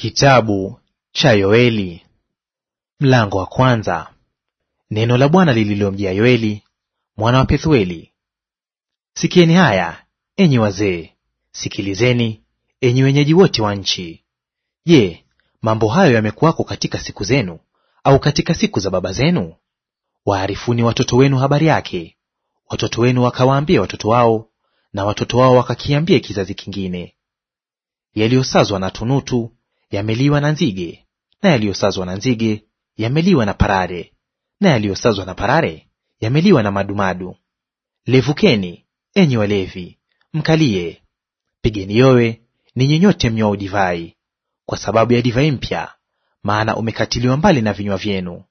Kitabu cha Yoeli mlango wa kwanza. Neno la Bwana lililomjia Yoeli mwana wa Pethueli. Sikieni haya enyi wazee, sikilizeni enyi wenyeji wote wa nchi. Je, mambo hayo yamekuwako katika siku zenu, au katika siku za baba zenu? Waarifuni watoto wenu habari yake, watoto wenu wakawaambie watoto wao, na watoto wao wakakiambie kizazi kingine, yaliyosazwa na tunutu yameliwa na nzige, na yaliyosazwa na nzige yameliwa na parare, na yaliyosazwa na parare yameliwa na madumadu. Levukeni, enyi walevi, mkalie; pigeni yowe, ninyi nyote mnywao divai, kwa sababu ya divai mpya, maana umekatiliwa mbali na vinywa vyenu.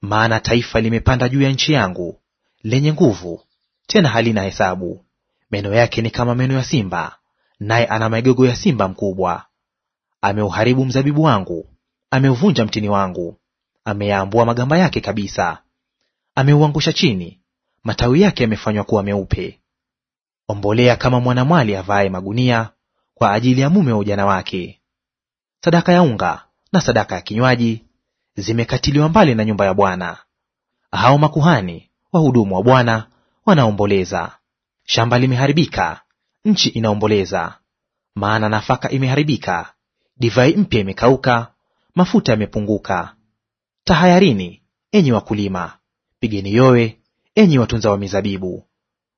Maana taifa limepanda juu ya nchi yangu, lenye nguvu, tena halina hesabu. Meno yake ni kama meno ya simba, naye ana magogo ya simba mkubwa ameuharibu mzabibu wangu, ameuvunja mtini wangu, ameyaambua magamba yake kabisa, ameuangusha chini, matawi yake yamefanywa kuwa meupe. Ombolea kama mwanamwali avaaye magunia kwa ajili ya mume wa ujana wake. Sadaka ya unga na sadaka ya kinywaji zimekatiliwa mbali na nyumba ya Bwana. Hao makuhani wahudumu wa Bwana wanaomboleza. Shamba limeharibika, nchi inaomboleza, maana nafaka imeharibika, divai mpya imekauka, mafuta yamepunguka. Tahayarini, enyi wakulima; pigeni yowe, enyi watunza wa mizabibu,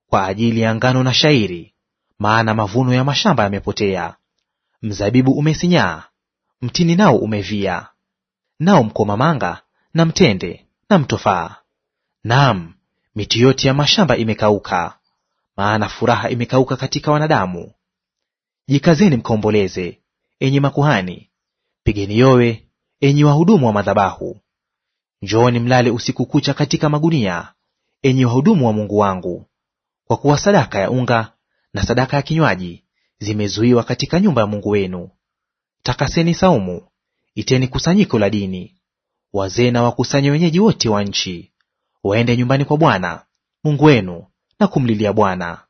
kwa ajili ya ngano na shairi, maana mavuno ya mashamba yamepotea. Mzabibu umesinyaa, mtini nao umevia, nao mkomamanga na mtende na mtofaa, naam, miti yote ya mashamba imekauka, maana furaha imekauka katika wanadamu. Jikazeni mkaomboleze, enyi makuhani, pigeni yowe, enyi wahudumu wa madhabahu. Njooni mlale usiku kucha katika magunia, enyi wahudumu wa Mungu wangu, kwa kuwa sadaka ya unga na sadaka ya kinywaji zimezuiwa katika nyumba ya Mungu wenu. Takaseni saumu, iteni kusanyiko la dini, wazee na wakusanye wenyeji wote wa nchi, waende nyumbani kwa Bwana Mungu wenu na kumlilia Bwana.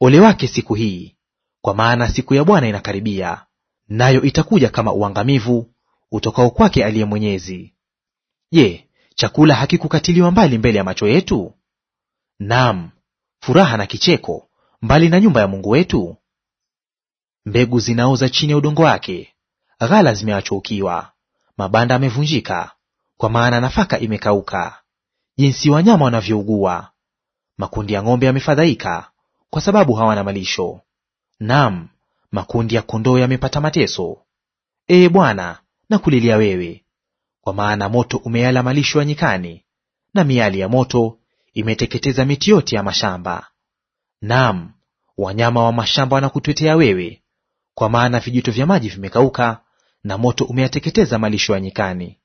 Ole wake siku hii, kwa maana siku ya Bwana inakaribia, nayo itakuja kama uangamivu utokao kwake aliye Mwenyezi. Je, chakula hakikukatiliwa mbali mbele ya macho yetu? Naam, furaha na kicheko mbali na nyumba ya Mungu wetu? Mbegu zinaoza chini ya udongo wake, ghala zimeachwa ukiwa, mabanda yamevunjika, kwa maana nafaka imekauka. Jinsi wanyama wanavyougua! Makundi ya ng'ombe yamefadhaika, kwa sababu hawana malisho. Naam, makundi ya kondoo yamepata mateso. Ee Bwana, nakulilia wewe, kwa maana moto umeyala malisho ya nyikani, na miali ya moto imeteketeza miti yote ya mashamba. Naam, wanyama wa mashamba wanakutwetea wewe, kwa maana vijito vya maji vimekauka, na moto umeyateketeza malisho ya nyikani.